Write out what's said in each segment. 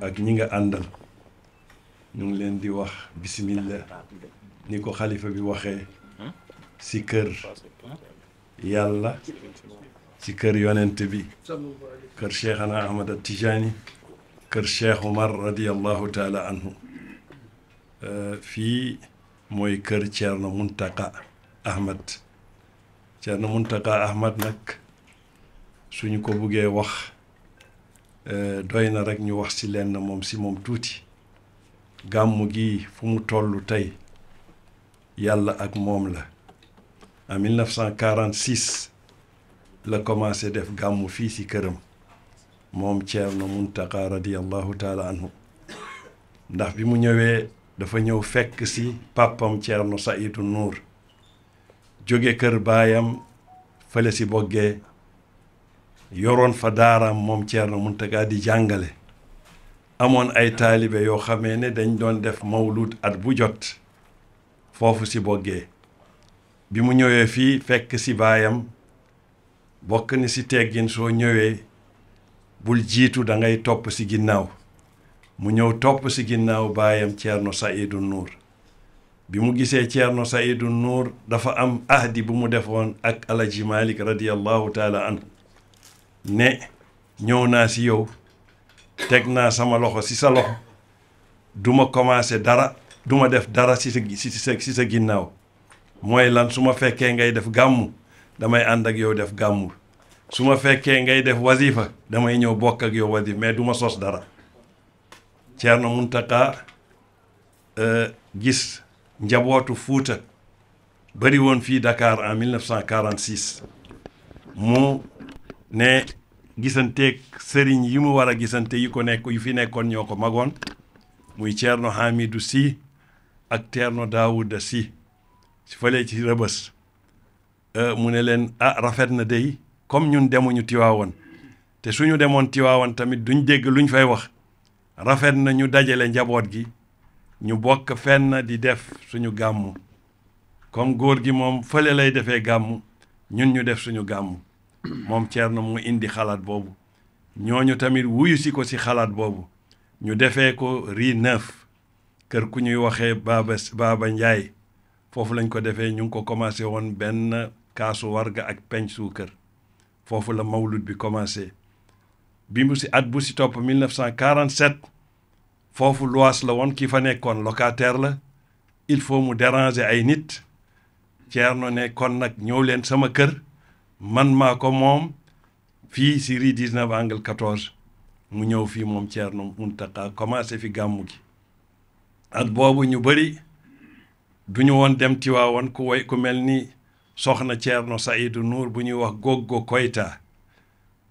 ak ñi nga àndal ñu ngi leen di wax bismillah ni ko xalifa bi waxee ci kër yàlla ci kër yonent bi kër cheikhana ahmad at kër cheikh omar radiallahu taala anhu euh, fii mooy kër Thierno Mountaga Ahmad na Mountaga Ahmad nag suñu ko buggee wax Euh, doy na rek ñu wax ci lenn moom si moom tuuti gàmmu gi fu mu toll tey yàlla ak moom la en 1946 la commencé def gàmmu fii si këram moom Ceerno Muntaqa radiyallahu taala anhu ndax bi mu ñëwee dafa ñëw fekk si pàppam Ceerno Saidu Nuur jóge kër baayam fale si boggee yoroon fa daaraam moom Thierno Mountaga di jàngale amoon ay taalibe yoo xamee ne dañ doon def mawlud at bu jot foofu ci boggee bi mu ñëwee fii fekk ci baayam bokk ni ci teggin soo ñëwee bul jiitu dangay topp ci ginnaaw mu ñëw topp ci ginnaaw baayam Thierno Saïdou Nour bi mu gisee na Saïdou Nour dafa am ahdi bu mu defoon ak alaji Malik radiyallahu taala ne ñëw naa si yow teg naa sama loxo si sa loxo duma commencé dara duma def dara si sa si si sa ginnaaw mooy lan su ma fekkee ngay def gàmmu damay ànd ak yow def gàmmul su ma fekkee ngay def wasifa damay ñëw bokk ak yow wasifa mais duma sos dara Ceerno Muntaqa euh, gis njabootu Fuuta bëri woon fii Dakar en 1946 mu ne gisanteeg sëriñ yi mu war a gisante yi ko nekk yu fi nekkoon ñoo ko magoon muy Thierno Hamidou si ak teerno Daouda Sy si fële ci rëbës euh, mu ne leen a ah, rafet na day comme ñun demuñu Tiwaawan te suñu demoon Tiwaawan tamit duñ dégg luñ fay wax rafet na ñu dajale njaboot gi ñu bokk fenn di def suñu gàmmu comme góor gi moom fële lay defee gàmmu ñun ñu def suñu gàmmu moom na mu indi xalaat boobu ñooñu tamit wuyu si ko si xalaat boobu ñu defee ko Rue Neuf kër ku ñuy waxee Baba Baba njaay foofu lañ ko defee ñu ngi ko commencé woon benn kaasu war warga ak peñ suukar foofu la mawlud bi commencé bi mu si at bu si topp 1947 foofu luwaas la woon ki fa nekkoon locataire la il faut mu déranger ay nit Thierno ne kon nag ñëw leen sama kër man maa ko moom fii si rue 19 angle mu ñëw fii moom Thierno Mountakha commencé fi gàmmu gi ak boobu ñu bari du ñu woon dem Tiwaawoon ku way ku mel ni soxna Thierno Saïdou Nour bu ñuy wax Goggo Koyta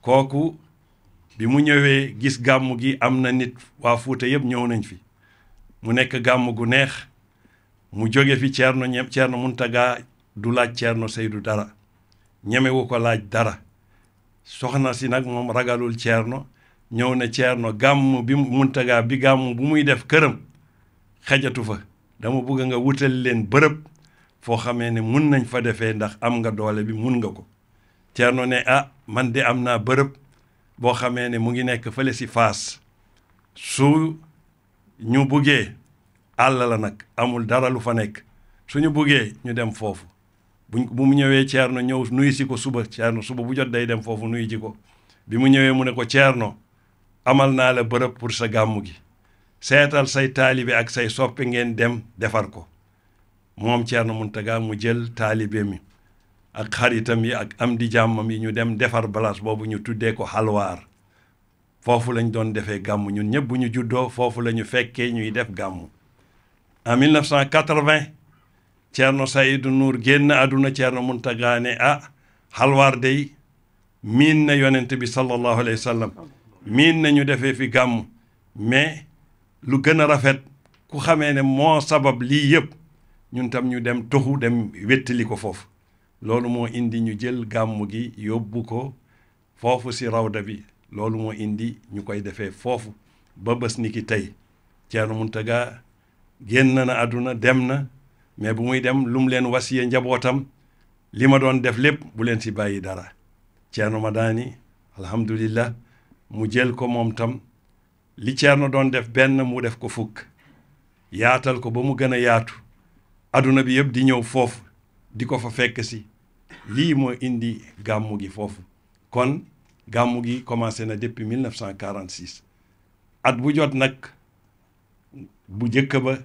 kooku bi mu ñëwee gis gàmm gi am na nit waa Fuuta yëpp ñëw nañ fi mu nekk gàmm gu neex mu jóge fi Thierno ñem Thierno Mountakha du laaj no Seydou dara ñemewu ko laaj dara soxna si nag moom ragalul ceerno ñëw na ceerno gàmm bi muntagaa bi gàmm bu muy def këram xajatu fa dama bugg nga wutal leen bërëb foo xamee ne mun nañ fa defee ndax am nga doole bi mun nga ko no ne ah man de am naa bërëb boo xamee ne mu ngi nekk fële si faas su ñu buggee àll nag amul dara lu fa nekk su ñu buggee ñu dem foofu buñ bu mu ñëwee Thierno ñëw nuyu si ko suba Thierno suba bu jot day dem foofu nuyu ji ko bi mu ñëwee mu ne ko Thierno amal naa la bërëb pour sa gàmmu gi seetal say taalibe ak say soppe ngeen dem defar ko moom Thierno Mountaga mu jël taalibe mi ak xaritam yi ak am di jàmmam yi ñu dem defar balaas boobu ñu tuddee ko xalwaar foofu lañ doon defee gàmm ñun ñëpp bu ñu juddoo foofu la ñu fekkee ñuy def gàmm en 1980 ceerno Saydou Nour génn àdduna ceerno Muntaga ne ah xalwaar day miin na yonent bi sallallahu alayhi wa miin na ñu defee fi gàmm mais lu gën a rafet ku xamee ne moo sabab lii yëpp ñun tam ñu dem toxu dem wettali ko foofu loolu moo indi ñu jël gàmmu gi yóbbu ko foofu ci rawda bi loolu moo indi ñu koy defee foofu ba bës ni ki tey Ceerno Muntaga génn na àdduna dem na mais bu muy dem lu mu leen wasiye njabootam li ma doon def lépp bu leen si bàyyi dara ma daani alhamdulillah mu jël ko moom tam li Ceerno doon def benn mu def ko fukk yaatal ko ba mu gën a yaatu aduna bi yëpp di ñëw foofu di ko fa fekk si lii moo indi gàmmu gi foofu kon gàmmu gi commencé na depuis 1946 at bu jot nag bu jëkk ba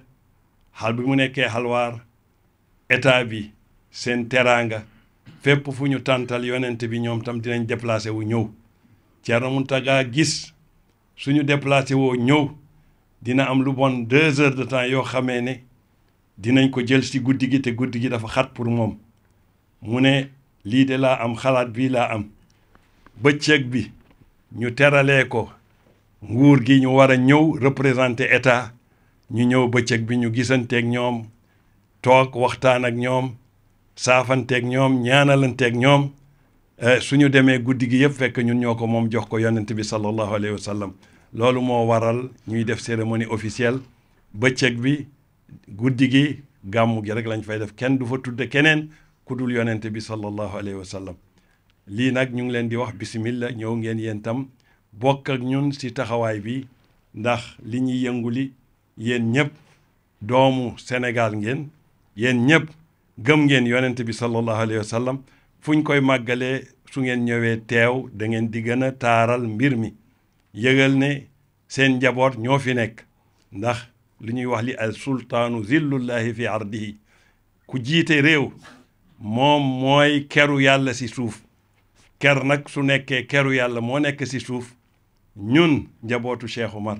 xal bi mu nekkee xalwaar état bi seen teraanga fépp fu ñu tàntal yonent bi ñoom tam dinañ déplacé wu ñëw Thierno Mountaga gis suñu déplacé woo ñëw dina am lu bon deux heures de temps yoo xamee ne dinañ ko jël si guddi gi te guddi gi dafa xat pour moom mu ne lii de laa am xalaat bii laa am bëccëg bi ñu teralee ko nguur gi ñu war a ñëw représenter état ñu ñëw bëccëg bi ñu gisanteeg ñoom toog waxtaan ak ñoom saafanteeg ñoom ñaanalanteeg ñoom eh, suñu demee guddi gi yëpp fekk ñun ñoo ko moom jox ko yonent bi sallallahu alayhi wa sallam loolu moo waral ñuy def cérémonie officielle bëccëg bi guddi gi gàmmu gi rek lañ fay def kenn du fa tudde keneen ku dul yonent bi sallallahu alayhi wa sallam lii nag ñu ngi leen di wax bismillah ñëw ngeen yéen tam bokk ak ñun si taxawaay bi ndax li ñuy yëngu li yéen ñëpp doomu Sénégal ngeen yéen ñëpp gëm ngeen yonent bi sallallahu alayhi wa sallam fu ñu koy màggalee su ngeen ñëwee teew da ngeen di gën a taaral mbir mi yëgal ne seen njaboot ñoo fi nekk ndax li ñuy wax li al sultaanu zillullahi fi ardihi ku jiite réew moom mooy keru yàlla si suuf ker nag su nekkee keru yàlla moo nekk ci suuf ñun njabootu Cheikh Omar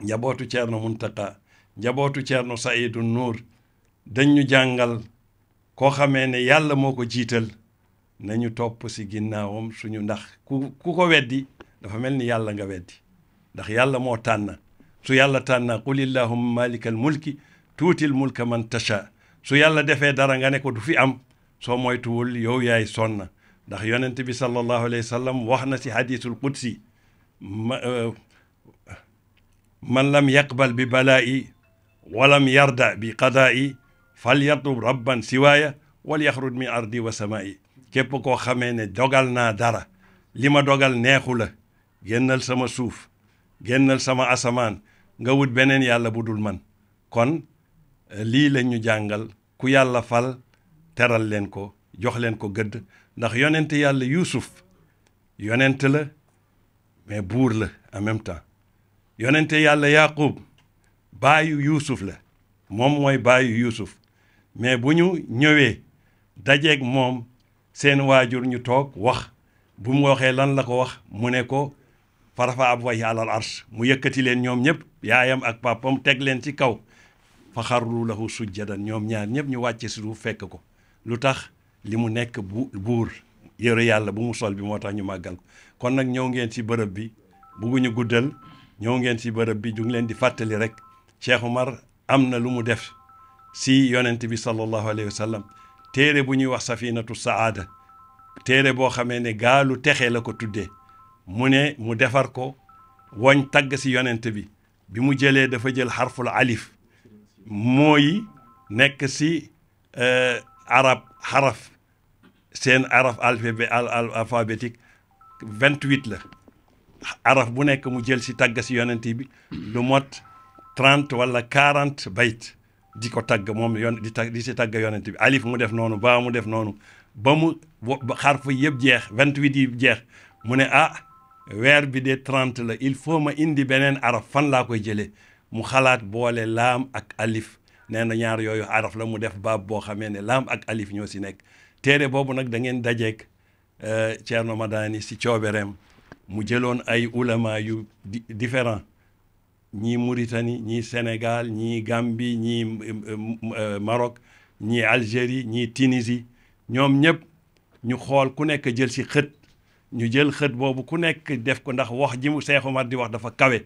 njabootu Thierno Muntaka njabootu Thierno no Nour nur ñu jàngal koo xamee ne yàlla moo ko jiital nañu topp ci ginnaawam suñu ndax ku ku ko weddi dafa mel ni yàlla nga weddi ndax yàlla moo tànn su yàlla tànn qul illahumma malikal mulki tuutil mulka man tasha su yàlla defee dara nga ne ko du fi am soo moytuwul yow yaay sonn ndax yonent bi sallallahu alayhi wa wax na ci hadisul qudsi euh, man lam yaqbal bi balaa'i walam yarda bi qadaa'i fal yatlub rabban siwaaya wal yaxrut mi ardi wa samaa'i képp koo xamee ne dogal naa dara li ma dogal neexu la génnal sama suuf génnal sama asamaan nga wut beneen yàlla bu dul man kon lii la ñu jàngal ku yàlla fal teral leen ko jox leen ko gëdd ndax yonent yàlla yuusuf yonent la mais buur la en même temps yonente yàlla yaqub baayu yuusuf la moom mooy baayu yuusuf mais bu ñu ñëwee dajeek moom seen waajur ñu toog wax bu mu waxee lan la ko wax mu ne ko farafa ab way alal ars mu yëkkati leen ñoom ñëpp yaayam ak papam teg leen ci kaw fa xarru lahu sujjadan ñoom ñaar ñëpp ñu wàcce si suuf fekk ko lu tax li mu nekk bu buur yëre yàlla bu mu sol bi moo tax ñu màggal ko kon nag ñëw ngeen ci bërëb bi bugguñu guddal ñëw ngeen si bërëb bi ñu leen di fàttali rek Cheikh Omar am na lu mu def si yonent bi sallallahu alayhi wa téere bu ñuy wax safinatu saada téere boo xamee ne gaalu texe la ko tuddee mu ne mu defar ko woñ tagg si yonent bi bi mu jëlee dafa jël xarful alif mooy nekk si euh, arab xaraf seen araf alphabet alphabétique vingt-huit la araf bu nekk mu jël si tàgg si yonent bi lu mot trent wala quarante bayt di ko tàgg moom yon di tàgg di si tàgg yonent bi alif mu def noonu ba mu def noonu ba mu xarfa yëpp jeex vingt-huit yi jeex mu ne ah weer bi dee trent la il faut ma indi beneen araf fan laa koy jëlee mu xalaat boole laam ak alif nee na ñaar yooyu araf la mu def baab boo xamee ne laam ak alif ñoo si nekk téere boobu nag da ngeen dajeek euh, Thierno Madani si coobereem mu jëloon ay ulama yu différent ñii Mauritanie ñii Sénégal ñii Gambie ñii euh, Maroc ñii Algérie ñii Tunisie ñoom ñëpp ñu xool ku nekk jël si xët ñu jël xët boobu ku nekk def ko ndax wax ji mu Seex di wax dafa kawe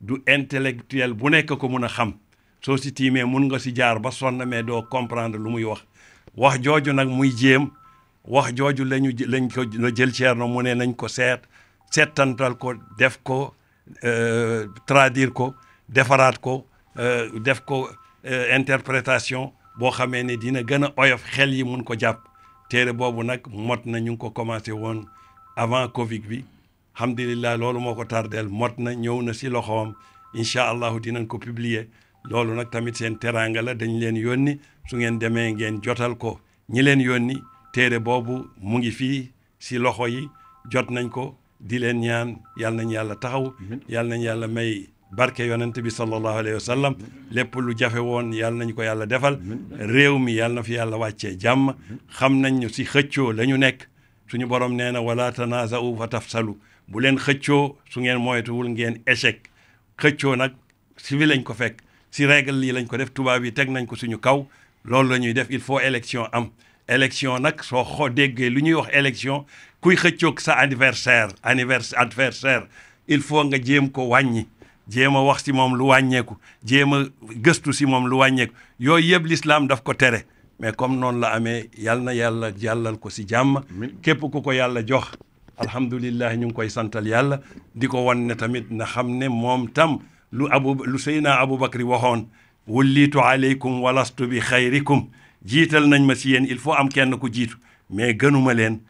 du intellectuel bu nekk ko mun a xam soo si tiimee mun nga si jaar ba sonn mais doo comprendre lu muy wax wax jooju nag muy jéem wax jooju lañu lañ ko la jël Ceerno mu ne nañ ko seet settantal ko def ko euh, traduire ko defaraat ko euh, def ko euh, interprétation boo xamee ne dina gën a oyof xel yi mun ko jàpp téere boobu nag mot na ñu ko commencé woon avant Covid bi alhamdulilah loolu moo ko tardeel mot na ñëw na si loxoom incha allahu dinañ ko publier loolu nag tamit seen teraangala la dañ leen yónni su ngeen demee ngeen jotal ko ñi leen yónni téere boobu mu ngi fii si loxo yi jot nañ ko di leen ñaan yal nañ yàlla taxaw yal nañ yàlla may barke yonent bi sallallahu alayhi wa lépp lu jafe woon yal nañ ko yàlla defal réew mi yal na fi yàlla wàccee jàmm xam nañ ñu si xëccoo lañu nekk suñu borom nee na wala tanaza'u fa tafsalu bu leen xëccoo su ngeen moytuwul ngeen échec xëccoo nag si bi lañ ko fekk si règle yi lañ ko def tubaab yi teg nañ ko suñu kaw loolu lañuy def il faut élection am élection nag soo xoo déggee lu ñuy wax élection kuy xëccoog sa anniversaire anniversaire adversaire il faut nga jéem ko wàññi jéem a wax si moom lu wàññeeku jéem a gëstu si moom lu wàññeeku yooyu yëpp lislaam daf ko tere mais comme noonu la amee yal na yàlla jàllal ko si jàmm képp ku ko yàlla jox alhamdulilah ñu ngi koy santal yàlla di ko wan ne tamit na xam ne moom tam lu abu lu Seydina Aboubacry waxoon wullitu aleykum walastu bi xayrikum jiital nañ ma si yéen il faut am kenn ku jiitu mais gënuma leen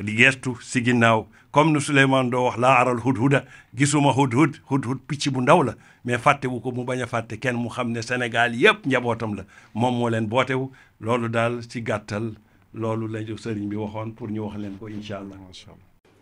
di gestu si ginnaaw comme nu Souleymane doo wax laa aral hudhuda gisuma hudhud hudhud picc bu ndaw la mais fàtte fàttewu ko mu baña a fàtte kenn mu xam ne Sénégal yëpp njabootam la moom moo leen bootewu loolu daal si gàttal loolu lañu sëriñ bi waxoon pour ñu wax leen ko incha allah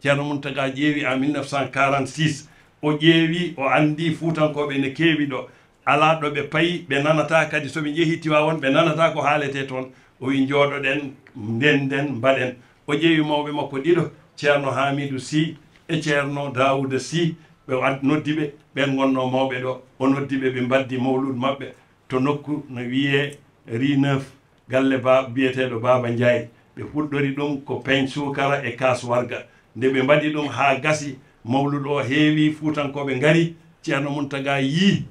ceerno Muntaga ƴeewi en 1946 o ƴeewi o andi fuutankoɓe ne keewi ɗo alaa ɗo ɓe payi ɓe nanata kadi so ɓe jehi tiwawon ɓe nanata ko haalete toon o wi jooɗoɗen ndenden mbaɗen o ƴeewi mawɓe makko ɗiɗo ceerno hamidou sy e ceerno dawouda sy ɓe noddi ɓe ɓen gonno mawɓe ɗo o noddi ɓe ɓe mbaddi mawlud maɓɓe to nokku no wiye rineuf galle ba biyeteɗo baba ɓe fuɗɗori ɗum ko peñ sukara e kas warga nde ɓe mbaɗi ɗum ha gasi mawlud o heewi fuutankoɓe ngari ceerno muntaga yii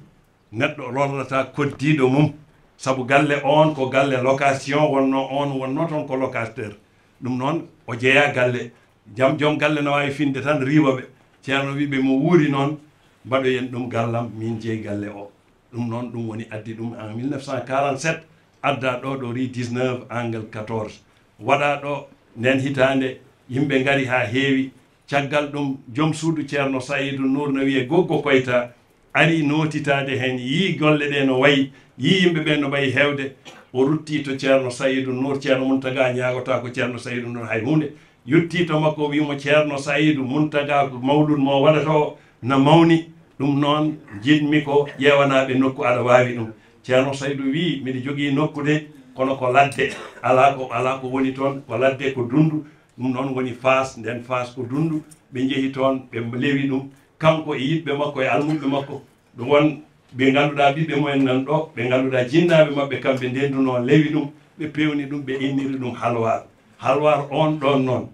neɗɗo lorrata koddiɗo mum sabu galle on ko galle location wonno on wonno toon ko locataire ɗum noon o jeeya galle jam joom galle no wawi finde tan riiwa ceerno wiɓe mo wuuri noon mbaɗoyen ɗum gallam min jeeyi galle o ɗum noon ɗum woni addi ɗum en 1947 adda ɗo ɗo ri yimɓe gari ha heewi caggal ɗum joom suudu ceerno saydou nour no wiye koyta ari nootitaade heen yii golle ɗe no wayi yii yimɓe ɓe no mbayi heewde o rutti to ceerno saydou nour ceerno muntaga ñaagotaa ko ceerno saydou nour hay hunde yettii to makko o wiimo ceerno saydou muntaga ko mawlud mo waɗata o no mawni ɗum noon jiɗmi ko ƴeewanaaɓe nokku aɗa ɗum ceerno saydou wii miɗa jogii nokku de kono ko ladde alaa ko woni toon ko ladde ko dundu ɗum noon woni fas nden fas ko dundu ɓe njehi toon ɓe lewi ɗum kanko e yiɗɓe makko e almuɓe makko ɗum ɓe ngannduɗaa ɓiɓɓe mumen nan ɗo ɓe ngannduɗaa jinnaaɓe maɓɓe kamɓe ndenduno lewi ɗum ɓe pewni ɗum ɓe inniri ɗum halwar halwar on ɗon noon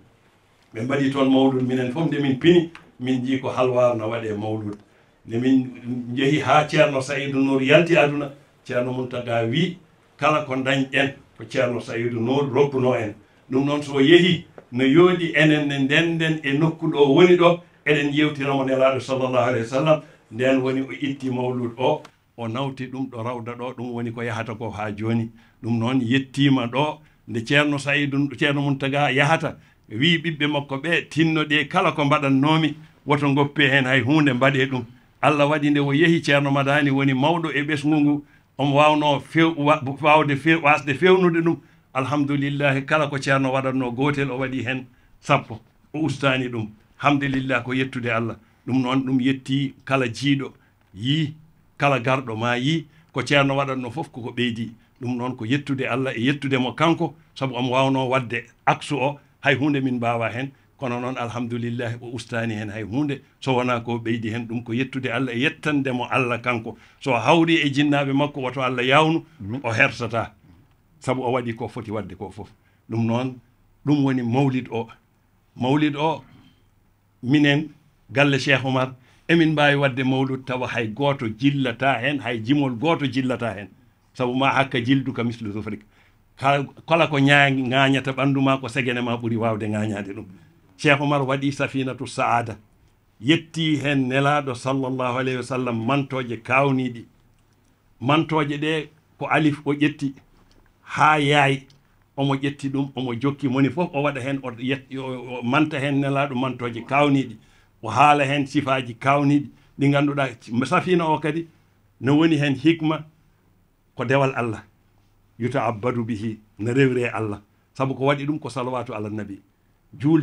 ɓe mbaɗi toon mawlud minen fof nde min pini min jii ko halwar no waɗe mawlud nde min njehi haa ceerno saydou yalti aduna ceerno muntaga wi kala ko dañ en ko ceerno saydou nour en ɗum noon so yehi no yooɗi enen ne ndenden e nokku ɗo woni eɗen yewtinamo nelaɗo sallllahu alayhi wa sallam nden woni o itti mawlud o o nawti waɗi hen e sappo o ustani ɗum hamdulillah ko yettude allah ɗum noon ɗum yetti kala jiiɗo yi kala garɗo ma yi ko ceerno waɗatno fof koko ɓeydi ɗum noon ko yettude allah e yettude mo o hay hunde min mbawa hen e allah kanko so hawri e jinnaɓe makko woto allah yawnu o hersata sabu o waɗi ko foti wadde ko foof ɗum noon ɗum woni mawlid o mawlid o minen galle cheikh emin mbawi wadde mawlud tawa hay goto jillata hen hay jimol goto jillata hen saabu ma hakka jilduka misle sofrik kala ko ñañata ɓandu ma ko segene ma ɓuuri wawde ŋañade ɗum cheikh waɗi safinatu saada yetti hen nelaɗo sallllahu alayhi wa sallam mantoje kawniɗi ɗe ko alif o ƴetti ha yaayi omo ƴetti ɗum omo jokki moni fof o waɗa hen o manta hen nelaɗo mantoje kawniɗi o haala hen sifaji kawniɗi ɗi ganduɗa safina o kadi no woni hen hikma ko dewal allah yuta abbadu bihi no rewre e allah saabu ko waɗi ɗum ko salawatu ala nabi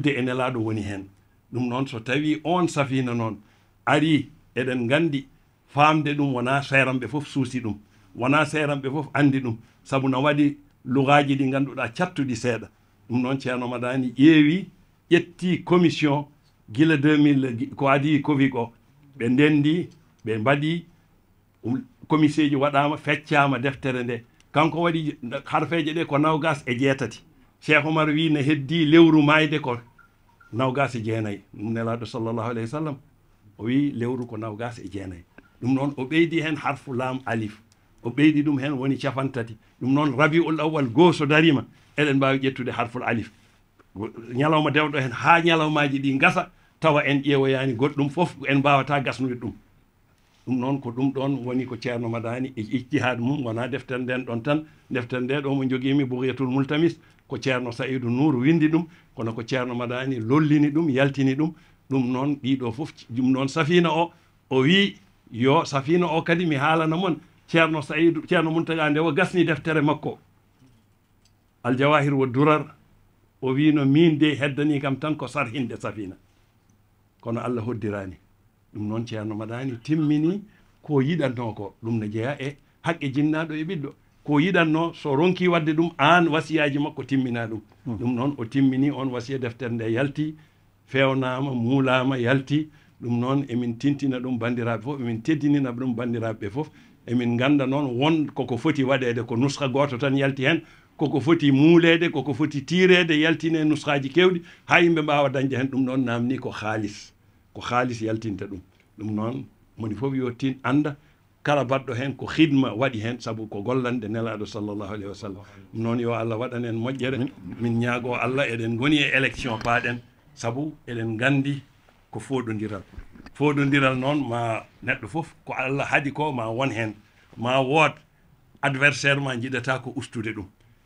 e nelaɗo woni hen ɗum noon so tawi on safina noon ari eɗen gandi famde ɗum wona seeramɓe fof suusi ɗum wona seeramɓe fof andi ɗum saabu no waɗi lugaji ɗi ngannduɗaa cattuɗi seeɗa ɗum noon ceerno madani ƴeewi ƴetti commission gila 2000 ko adi covid o ɓe ndendi ɓe mbaɗi um, commissie ji waɗama feccama deftere nde kanko waɗi harfeje ɗe ko nawgas e jeetati e ɗum nelaɗo sallllahu alayhi wa sallam o wi lewru ko nawgas e jeenayyi ɗum noon o ɓeydi hen harfu lam alif o ɓeydi ɗum heen woni capantati ɗum noon rabiul awal goo so darima eɗen mbawi ƴettude harful alif ñalawma dewɗo hen ha ñalawmaji ɗi gasa tawa en ƴeewoyani goɗɗum foof en mbawata gasnude ɗum ɗum noon ko ɗum ɗon woni ko ceerno madani e ijtihad mum wona deftere nden ɗon tan deftere nde ɗo ko ceerno saydou nour windi ɗum kono ko ceerno madani lollini ɗum yaltini ɗum ɗum noon ɗiɗo foof ɗum noon safina o o wi yo safina o kadi ceerno sayid ceerno muntaga nde o gasni deftere makko aljawahir wo durar o wino min de heddani kam tan ko sarhinde safina kono allah hoddirani ɗum noon ceerno maɗani timmini ko yiɗanno ko ɗum ne jeeya e haqqe jinnaɗo e ɓiɗɗo ko yiɗanno so ronki wadde ɗum an wasiyaji makko timmina ɗum ɗum noon o timmini on wasiya deftere nde yalti fewnama muulama yalti ɗum noon emin tintina ɗum bandiraɓe fof emin teddinina ɗum bandiraɓe fof emin ganda noon wonko ko foti waɗede ko nusha goto tan yalti hen koko foti muulede koko foti tiirede yaltine nushaji kewɗi ha yimɓe mbawa dañde hen ɗum noon ko haalis ko haalis yaltinta ɗum ɗum moni foof yo tin anda kala baɗɗo hen ko hidma waɗi hen saabu ko gollande nelaɗo sallllahu alayhi wa moƴƴere min ñaago allah eɗen goni e élection paaɗen saabu eɗen gandi ko foɗodiral foɗodiral noon ma neɗɗo fof ko allah haadi ko ma won heen ma wood adversaire ma jiɗata ko ustude ɗum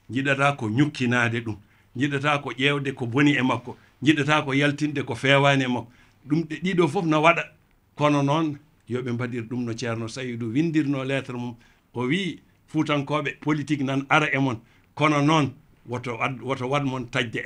jiɗata ko ñukkinade ɗum jiɗata ko ƴeewde ko boni e makko jiɗata ko yaltinde ko feewani e makko ɗum ɗe fof no waɗa kono noon yoɓe mbaɗir e mon kono noon woto e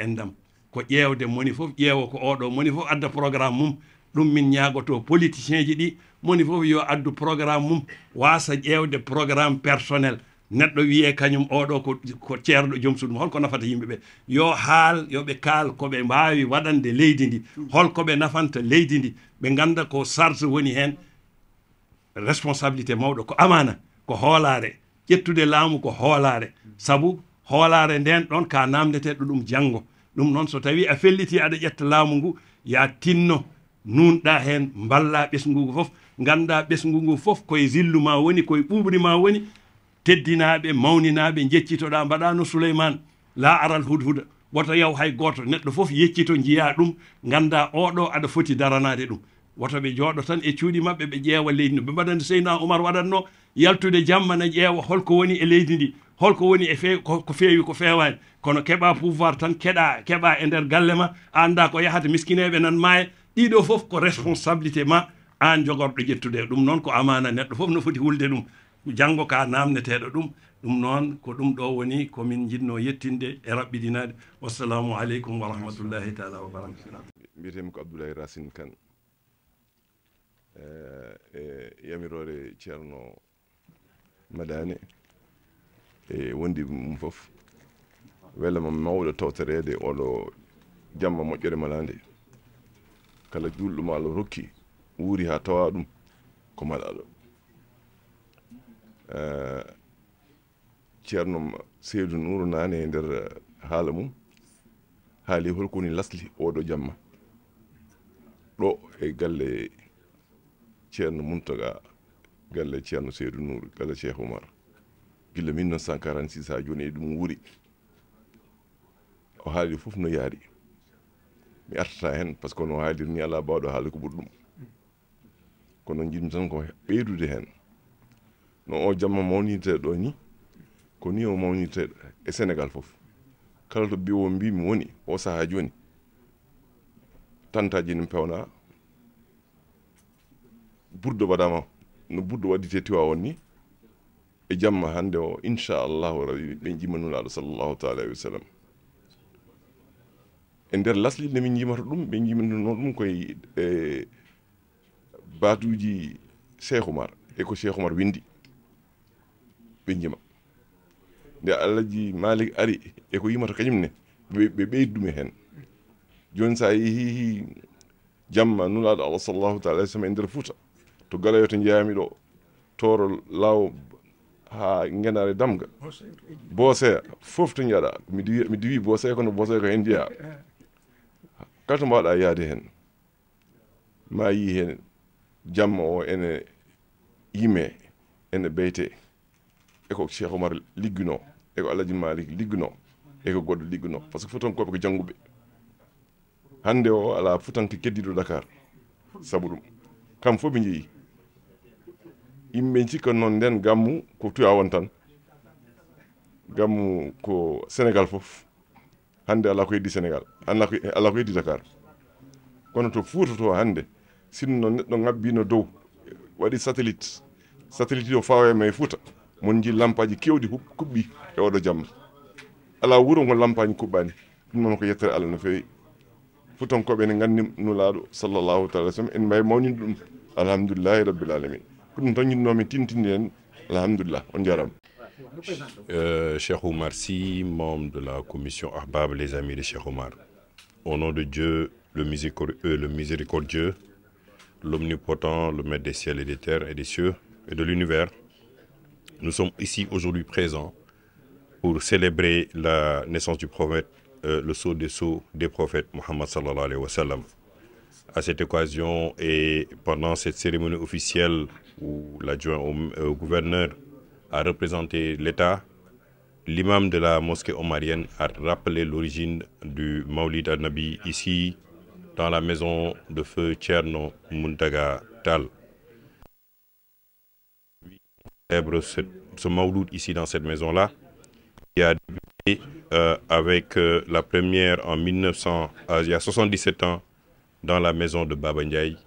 ko ƴeewde moni fof ƴeewa ko oɗo moni fof adda programme mum ɗum min ñaagoto politicien ɗi moni fof yo addu programme mum waasa ƴeewde programme personnel neɗɗo wiyee kañum oɗo ko ko ceerɗo joom suudu holko nafata yimɓe ɓe yo haal yoɓe kaal koɓe mbaawi waɗande leydi ndi holko ɓe nafanta leydi ndi ɓe ngannda ko charge woni heen responsabilité mawɗo ko amana ko hoolaare ƴettude laamu ko hoolaare sabu hoolaare nden ɗon ka namdeteɗo ɗum janngo ɗum noon so tawi a felliti aɗa ƴetta laamu ngu ya tinno nunɗa hen balla ɓesgu ngu fof ganda ɓesgu ngu fof koye zillu ma woni koye ɓuɓri ma woni teddinaɓe mawninaɓe jeccitoɗa mbaɗa no souleyman la aral hudhuda woto ɓe jooɗo tan e cuuɗi maɓɓe ɓe ƴeewa leydi ndi ɓe mbaɗande seyna oumar waɗatno yaltude jamma ne ƴeewa holko woni e leydi ndi holko woni e feewi ko feewi kono keɓa pouvoir tan keɗa e nder galle ma a anda ko yahata miskineɓe nan maaya ɗiɗo fof ko responsabilité ma an jogorɗo ƴettude ɗum noon ko amana neɗɗo fof no foti hulde ɗum janngo ka namneteɗo ɗum ɗum noon ko ɗum ɗo woni komin jinno yettinde e raɓɓiɗinade wassalamu aleykum wa rahmatullahi taala eh, e yamirore ceerno madane e wondi mum fof welama mawɗo tawtorede oɗo jamma moƴƴere malande kala julɗo ma allah rokki wuuri ha tawa ɗum ko malaɗo eh, ceerno seydou nuru nane e nder eh, haala mum haali holko woni lasli oɗo jamma ɗo e galle ceerno muntaga galle ceerno seydou nuru galle cheikh oumar gila 1946 ha joni ɗum wuuri o haali fof no yaari mi artata hen par que no haaliri ni ala bawɗo haalde ko ɓuri kono jiɗmi ko ɓeydude hen no o jamma mawnirteɗo ɗo ni ko ni o mawnirteɗo e sénégal foof kala to biwo mbimi woni o saaha joni tantaji ne pewna burdo waɗama no burdo waɗite tiwa on ni e jamma hande o inchallahu rabi ɓen jimmanulaɗo sallllahu taala alayhi wa sallam e nder lasliɗe min jimata ɗum ɓe jimino noon ɗum koye e, batuji cheikh oumar eko cheikh oumar windi ɓe jima nde alhaji malik ari eko yimata kañum ne ɓe ɓeyddume hen joni sa yeehi jamma nulaɗo allah sallllahu taala alih ha genare damga booseya fof to jaɗa mi diwi booseya kono booseya ko hen jeeya kala to mbawɗa yaade hen ma yi hen jamma o ene yime ene beyte eko cheikh oumar ligguino eko alhaji malik ligguino eko goɗɗo ligguino par ce que fotankoɓe ko jangguɓe hande o ala fotanke keddiɗo dakar saabu ɗum kam fof ɓe jeeyi yimɓe cikka noon nden gammu ko tuya won gammu ko sénégal fof hannde alaa ko heddi sénégal alaa ko heddi dakar kono to fuuta to hannde sinno neɗɗo ŋabbino dow waɗi satellite satellite o fawema e fuuta mon jii lampaji kewɗi kuɓɓi e oɗo jamma alaa wuro ngo lampaji kuɓɓani ɗum noon yettere allah no feewi futankoɓe ne nganndi nulaaɗo sallllahu taala sallam en mbawi mawnin ɗum alhamdulillahi rabbil ko ɗum tan jinnomin tintinde en alhamdulillah on jarama Euh, Cheikh Oumar Sy, membre de la commission Ahbab, les amis de Cheikh Oumar. Au nom de Dieu, le miséricordieux, le miséricordieux, le maître des ciels et des terres et des cieux et de l'univers, nous sommes ici aujourd'hui présents pour célébrer la naissance euh, le sceau des sceaux des prophètes, Mohammed sallallahu alayhi wa sallam. À cette occasion et pendant cette cérémonie officielle où l'adjoint au euh, gouverneur à représenté l'État. L'imam de la mosquée omarienne a rappelé l'origine du Maulid Nabi ici, dans la maison de feu Tcherno Muntaga Tal. ce, ce ici dans cette maison-là, qui a débuté euh, avec euh, la première en 1900, euh, il y a 77 ans, dans la maison de Baba Ndiaye,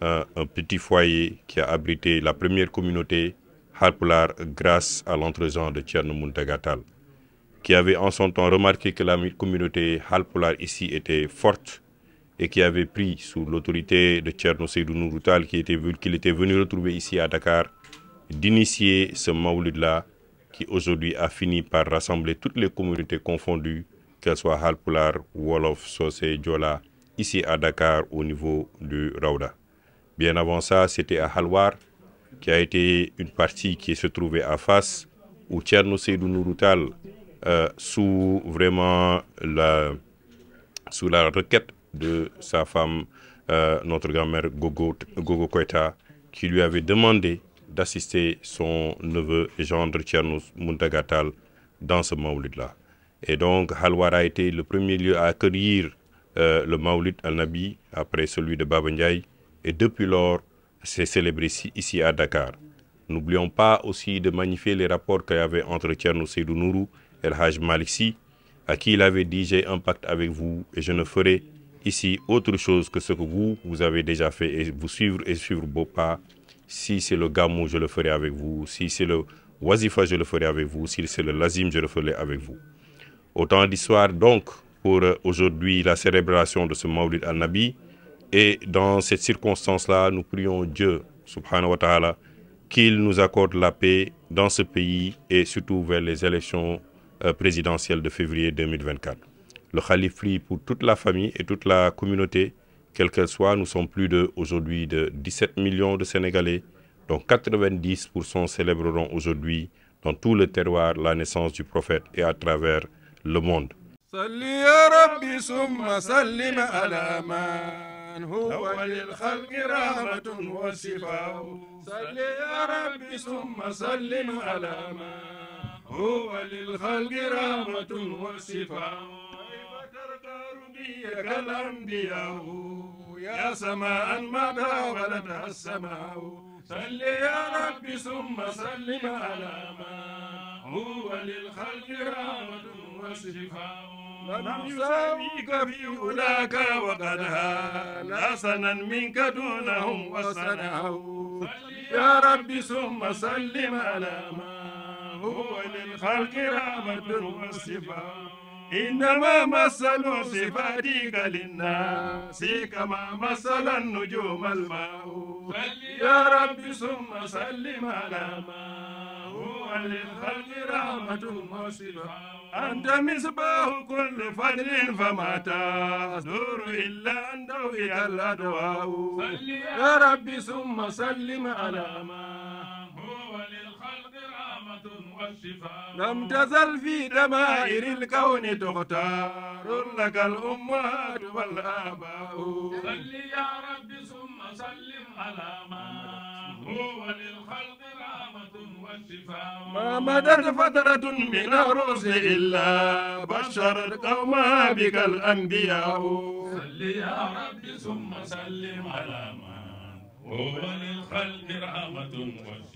un, un petit foyer qui a abrité la première communauté Harpulaar grâce à l'entrejean de Thierno Mountaga qui avait en son temps remarqué que la communauté Harpulaar ici était forte et qui avait pris sous l'autorité de Thierno Seydou Nourou Tall, qui était, qu'il était venu retrouver ici à Dakar, d'initier ce Maouloud-là qui aujourd'hui a fini par rassembler toutes les communautés confondues, qu'elles soient Halpular, Wolof, Sosé, Diola, ici à Dakar au niveau du Raouda. Bien avant ça, c'était à qui a été une partie qui se trouvait à face, où Tcherno Seydou Nouroutal, euh, sous vraiment la, sous la requête de sa femme, euh, notre grand-mère Gogo, Gogo Koeta, qui lui avait demandé d'assister son neveu gendre Tcherno Muntagatal dans ce maoulid-là. Et donc, Halwar a été le premier lieu à accueillir euh, le maoulid al-Nabi, après celui de Baba Ndiaye. Et depuis lors, s'est célébré ici à Dakar. N'oublions pas aussi de magnifier les rapports qu'il y avait entre Tcherno Seydou du nuru Haj Maliksi, à qui il avait dit j'ai un pacte avec vous et je ne ferai ici autre chose que ce que vous, vous avez déjà fait et vous suivre et suivre vos Si c'est le Gamou, je le ferai avec vous. Si c'est le Wazifa, je le ferai avec vous. Si c'est le Lazim, je le ferai avec vous. Autant d'histoires donc pour euh, aujourd'hui la célébration de ce Maulid al-Nabi. Et dans cette circonstance-là, nous prions Dieu, subhanahu wa ta'ala, qu'il nous accorde la paix dans ce pays et surtout vers les élections euh, présidentielles de février 2024. Le Khalif prie pour toute la famille et toute la communauté, quelle qu'elle soit. Nous sommes plus de aujourd'hui de 17 millions de Sénégalais, dont 90% célébreront aujourd'hui dans tout le terroir la naissance du prophète et à travers le monde. هو للخلق رحمة وشفاء صل يا رب ثم سلم على ما هو للخلق رحمة وشفاء كيف ترقى ربيك الأنبياء يا سماء ما داولتها السماء صل يا رب ثم سلم على ما هو للخلق رحمة وشفاء لم يساويك في أولاك وقد هان حسنا منك دونهم وصنعوا يا رب ثم سلم على ما هو للخلق رحمة وشفاء إنما مثل صفاتك للناس كما مثل النجوم الماء يا رب ثم سلم على ما هو للخلق رحمة موصلها أنت مصباح كل فضل فما تزور إلا أنت إلى الأدواء يا ربي ثم سلم على ما هو للخلق رحمة والشفاء لم تزل في دمائر الكون تختار لك الأمهات والآباء صل يا ربي ثم سلم على ما وللخلق رحمة والشفاء ما مدت فترة من الرسل إلا بشرت قومها بك الأنبياء صل يا رب ثم سلم على ما هو للخلق رحمة والشفاء